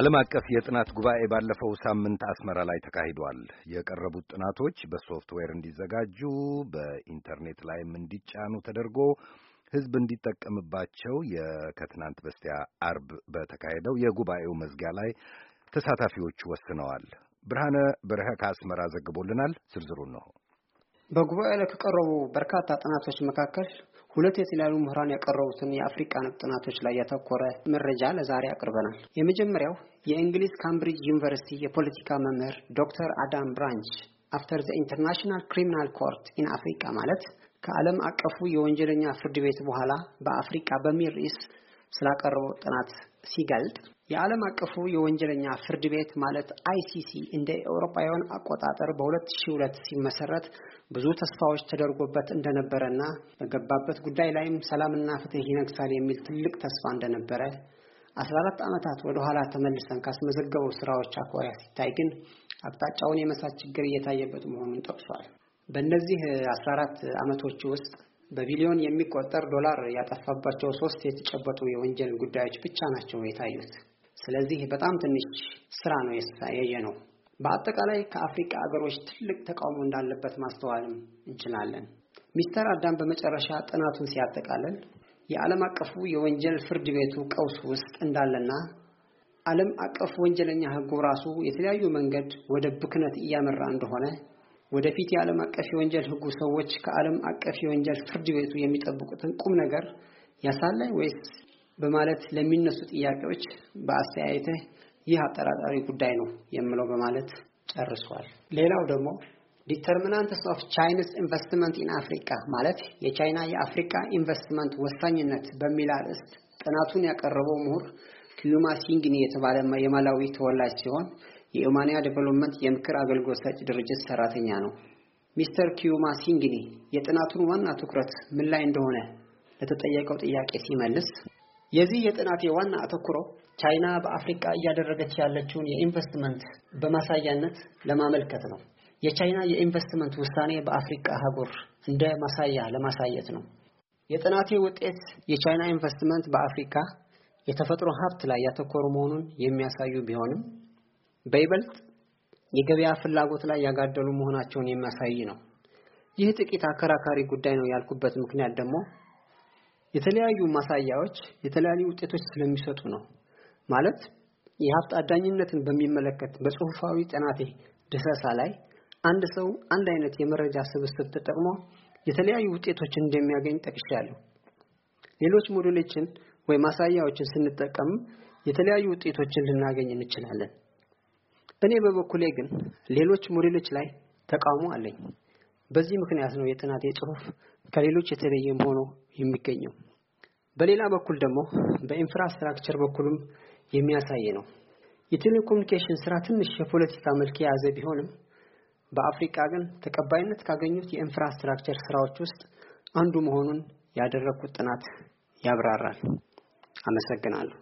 ዓለም አቀፍ የጥናት ጉባኤ ባለፈው ሳምንት አስመራ ላይ ተካሂዷል። የቀረቡት ጥናቶች በሶፍትዌር እንዲዘጋጁ በኢንተርኔት ላይም እንዲጫኑ ተደርጎ ሕዝብ እንዲጠቀምባቸው የከትናንት በስቲያ አርብ በተካሄደው የጉባኤው መዝጊያ ላይ ተሳታፊዎቹ ወስነዋል። ብርሃነ በረኸ ከአስመራ ዘግቦልናል። ዝርዝሩን ነው በጉባኤ ላይ ከቀረቡ በርካታ ጥናቶች መካከል ሁለት የተለያዩ ምሁራን ያቀረቡትን የአፍሪካ ነክ ጥናቶች ላይ ያተኮረ መረጃ ለዛሬ አቅርበናል። የመጀመሪያው የእንግሊዝ ካምብሪጅ ዩኒቨርሲቲ የፖለቲካ መምህር ዶክተር አዳም ብራንች አፍተር ዘ ኢንተርናሽናል ክሪሚናል ኮርት ኢን አፍሪካ ማለት ከዓለም አቀፉ የወንጀለኛ ፍርድ ቤት በኋላ በአፍሪካ በሚል ርዕስ ስላቀረበው ጥናት ሲገልጥ የዓለም አቀፉ የወንጀለኛ ፍርድ ቤት ማለት አይሲሲ እንደ አውሮፓውያን አቆጣጠር በ2002 ሲመሰረት ብዙ ተስፋዎች ተደርጎበት እንደነበረና በገባበት ጉዳይ ላይም ሰላምና ፍትህ ይነግሳል የሚል ትልቅ ተስፋ እንደነበረ 14 ዓመታት ወደ ኋላ ተመልሰን ካስመዘገበው ስራዎች አኳያ ሲታይ ግን አቅጣጫውን የመሳት ችግር እየታየበት መሆኑን ጠቅሷል። በእነዚህ 14 ዓመቶች ውስጥ በቢሊዮን የሚቆጠር ዶላር ያጠፋባቸው ሶስት የተጨበጡ የወንጀል ጉዳዮች ብቻ ናቸው የታዩት። ስለዚህ በጣም ትንሽ ስራ ነው የሳየየ ነው። በአጠቃላይ ከአፍሪካ አገሮች ትልቅ ተቃውሞ እንዳለበት ማስተዋልም እንችላለን። ሚስተር አዳም በመጨረሻ ጥናቱን ሲያጠቃልል የዓለም አቀፉ የወንጀል ፍርድ ቤቱ ቀውስ ውስጥ እንዳለና ዓለም አቀፍ ወንጀለኛ ሕጉ ራሱ የተለያዩ መንገድ ወደ ብክነት እያመራ እንደሆነ ወደፊት የዓለም አቀፍ የወንጀል ህጉ ሰዎች ከዓለም አቀፍ የወንጀል ፍርድ ቤቱ የሚጠብቁትን ቁም ነገር ያሳላይ ወይስ በማለት ለሚነሱ ጥያቄዎች በአስተያየትህ ይህ አጠራጣሪ ጉዳይ ነው የምለው በማለት ጨርሷል። ሌላው ደግሞ ዲተርሚናንትስ ኦፍ ቻይንስ ኢንቨስትመንት ኢን አፍሪካ ማለት የቻይና የአፍሪካ ኢንቨስትመንት ወሳኝነት በሚል አርዕስት ጥናቱን ያቀረበው ምሁር ኪዩማ ሲንግኒ የተባለ የማላዊ ተወላጅ ሲሆን የኦማንያ ዴቨሎፕመንት የምክር አገልግሎት ሰጪ ድርጅት ሰራተኛ ነው። ሚስተር ኪዩማ ሲንግኒ የጥናቱን ዋና ትኩረት ምን ላይ እንደሆነ ለተጠየቀው ጥያቄ ሲመልስ የዚህ የጥናቴ ዋና አተኩሮ ቻይና በአፍሪካ እያደረገች ያለችውን የኢንቨስትመንት በማሳያነት ለማመልከት ነው። የቻይና የኢንቨስትመንት ውሳኔ በአፍሪካ አህጉር እንደ ማሳያ ለማሳየት ነው። የጥናቴ ውጤት የቻይና ኢንቨስትመንት በአፍሪካ የተፈጥሮ ሀብት ላይ ያተኮሩ መሆኑን የሚያሳዩ ቢሆንም በይበልጥ የገበያ ፍላጎት ላይ ያጋደሉ መሆናቸውን የሚያሳይ ነው። ይህ ጥቂት አከራካሪ ጉዳይ ነው ያልኩበት ምክንያት ደግሞ የተለያዩ ማሳያዎች የተለያዩ ውጤቶች ስለሚሰጡ ነው። ማለት የሀብት አዳኝነትን በሚመለከት በጽሁፋዊ ጥናቴ ድሰሳ ላይ አንድ ሰው አንድ አይነት የመረጃ ስብስብ ተጠቅሞ የተለያዩ ውጤቶችን እንደሚያገኝ ጠቅሻለሁ። ሌሎች ሞዴሎችን ወይ ማሳያዎችን ስንጠቀም የተለያዩ ውጤቶችን ልናገኝ እንችላለን። እኔ በበኩሌ ግን ሌሎች ሞዴሎች ላይ ተቃውሞ አለኝ። በዚህ ምክንያት ነው የጥናቴ ጽሁፍ ከሌሎች የተለየ ሆኖ የሚገኘው። በሌላ በኩል ደግሞ በኢንፍራስትራክቸር በኩልም የሚያሳይ ነው። የቴሌኮሙኒኬሽን ስራ ትንሽ የፖለቲካ መልክ የያዘ ቢሆንም በአፍሪካ ግን ተቀባይነት ካገኙት የኢንፍራስትራክቸር ስራዎች ውስጥ አንዱ መሆኑን ያደረግኩት ጥናት ያብራራል። አመሰግናለሁ።